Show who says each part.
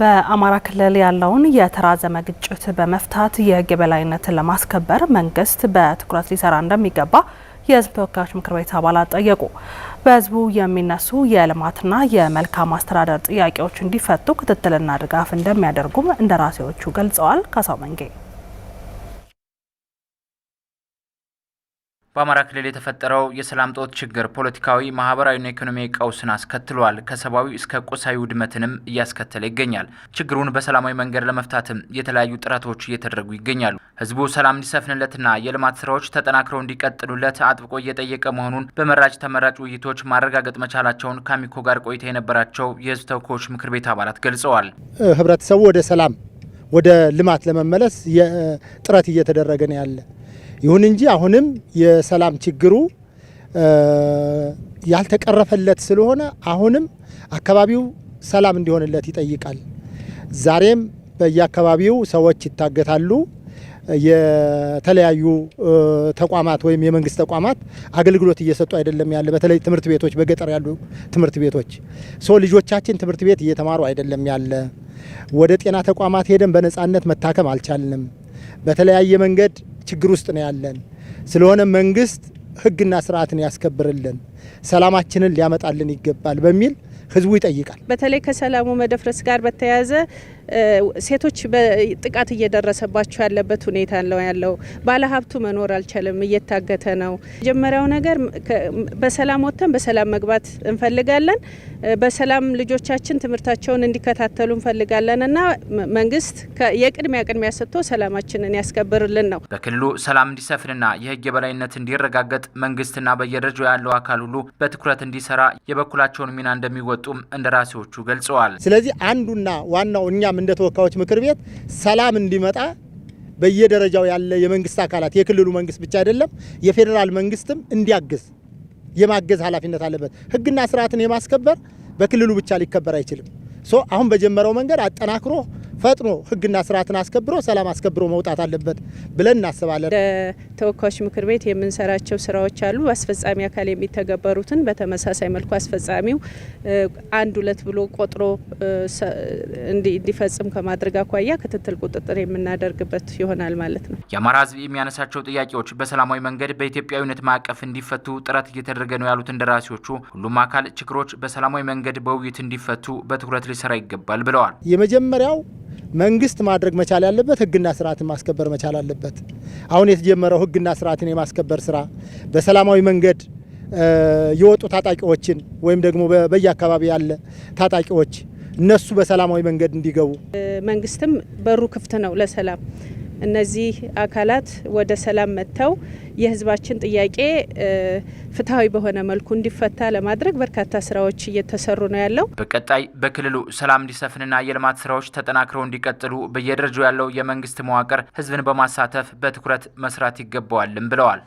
Speaker 1: በአማራ ክልል ያለውን የተራዘመ ግጭት በመፍታት የሕግ የበላይነትን ለማስከበር መንግስት በትኩረት ሊሰራ እንደሚገባ የህዝብ ተወካዮች ምክር ቤት አባላት ጠየቁ። በህዝቡ የሚነሱ የልማትና የመልካም አስተዳደር ጥያቄዎች እንዲፈቱ ክትትልና ድጋፍ እንደሚያደርጉም እንደራሴዎቹ ገልጸዋል። ካሳው መንጌ
Speaker 2: በአማራ ክልል የተፈጠረው የሰላም ጦት ችግር ፖለቲካዊ፣ ማህበራዊና ኢኮኖሚያዊ ቀውስን አስከትሏል። ከሰብአዊ እስከ ቁሳዊ ውድመትንም እያስከተለ ይገኛል። ችግሩን በሰላማዊ መንገድ ለመፍታትም የተለያዩ ጥረቶች እየተደረጉ ይገኛሉ። ህዝቡ ሰላም እንዲሰፍንለትና የልማት ስራዎች ተጠናክረው እንዲቀጥሉለት አጥብቆ እየጠየቀ መሆኑን በመራጭ ተመራጭ ውይይቶች ማረጋገጥ መቻላቸውን ከአሚኮ ጋር ቆይታ የነበራቸው የህዝብ ተወካዮች ምክር ቤት አባላት ገልጸዋል።
Speaker 3: ህብረተሰቡ ወደ ሰላም ወደ ልማት ለመመለስ ጥረት እየተደረገ ነው ያለ ይሁን እንጂ አሁንም የሰላም ችግሩ ያልተቀረፈለት ስለሆነ አሁንም አካባቢው ሰላም እንዲሆንለት ይጠይቃል። ዛሬም በየአካባቢው ሰዎች ይታገታሉ። የተለያዩ ተቋማት ወይም የመንግስት ተቋማት አገልግሎት እየሰጡ አይደለም ያለ በተለይ ትምህርት ቤቶች፣ በገጠር ያሉ ትምህርት ቤቶች ሰው ልጆቻችን ትምህርት ቤት እየተማሩ አይደለም ያለ፣ ወደ ጤና ተቋማት ሄደን በነጻነት መታከም አልቻልንም። በተለያየ መንገድ ችግር ውስጥ ነው ያለን። ስለሆነ መንግስት ህግና ስርዓትን ያስከብርልን፣ ሰላማችንን ሊያመጣልን ይገባል በሚል ህዝቡ ይጠይቃል።
Speaker 4: በተለይ ከሰላሙ መደፍረስ ጋር በተያያዘ ሴቶች ጥቃት እየደረሰባቸው ያለበት ሁኔታ ነው ያለው። ባለሀብቱ መኖር አልቻለም፣ እየታገተ ነው። መጀመሪያው ነገር በሰላም ወጥተን በሰላም መግባት እንፈልጋለን። በሰላም ልጆቻችን ትምህርታቸውን እንዲከታተሉ እንፈልጋለን እና መንግስት የቅድሚያ ቅድሚያ ሰጥቶ ሰላማችንን ያስከብርልን ነው።
Speaker 2: በክልሉ ሰላም እንዲሰፍንና የህግ የበላይነት እንዲረጋገጥ መንግስትና በየደረጃው ያለው አካል ሁሉ በትኩረት እንዲሰራ የበኩላቸውን ሚና እንደሚወጡ እንደወጡም እንደራሴዎቹ ገልጸዋል።
Speaker 3: ስለዚህ አንዱና ዋናው እኛም እንደ ተወካዮች ምክር ቤት ሰላም እንዲመጣ በየደረጃው ያለ የመንግስት አካላት የክልሉ መንግስት ብቻ አይደለም፣ የፌዴራል መንግስትም እንዲያግዝ የማገዝ ኃላፊነት አለበት። ህግና ስርዓትን የማስከበር በክልሉ ብቻ ሊከበር አይችልም። ሶ አሁን በጀመረው መንገድ አጠናክሮ ፈጥኖ ህግና ስርዓትን አስከብሮ ሰላም አስከብሮ መውጣት አለበት ብለን እናስባለን።
Speaker 4: ተወካዮች ምክር ቤት የምንሰራቸው ስራዎች አሉ። በአስፈጻሚ አካል የሚተገበሩትን በተመሳሳይ መልኩ አስፈጻሚው አንድ ሁለት ብሎ ቆጥሮ እንዲፈጽም ከማድረግ አኳያ ክትትል ቁጥጥር የምናደርግበት ይሆናል ማለት ነው።
Speaker 2: የአማራ ህዝብ የሚያነሳቸው ጥያቄዎች በሰላማዊ መንገድ በኢትዮጵያዊነት ማዕቀፍ እንዲፈቱ ጥረት እየተደረገ ነው ያሉት እንደራሴዎቹ ሁሉም አካል ችግሮች በሰላማዊ መንገድ በውይይት እንዲፈቱ በትኩረት ሊሰራ ይገባል ብለዋል።
Speaker 3: የመጀመሪያው መንግስት ማድረግ መቻል ያለበት ህግና ስርዓትን ማስከበር መቻል አለበት። አሁን የተጀመረው ህግና ስርዓትን የማስከበር ስራ በሰላማዊ መንገድ የወጡ ታጣቂዎችን ወይም ደግሞ በየአካባቢ ያለ ታጣቂዎች እነሱ በሰላማዊ መንገድ እንዲገቡ
Speaker 4: መንግስትም በሩ ክፍት ነው ለሰላም እነዚህ አካላት ወደ ሰላም መጥተው የህዝባችን ጥያቄ ፍትሐዊ በሆነ መልኩ እንዲፈታ ለማድረግ በርካታ ስራዎች እየተሰሩ ነው ያለው።
Speaker 2: በቀጣይ በክልሉ ሰላም እንዲሰፍንና የልማት ስራዎች ተጠናክረው እንዲቀጥሉ በየደረጃው ያለው የመንግስት መዋቅር ህዝብን በማሳተፍ በትኩረት መስራት ይገባዋልም ብለዋል።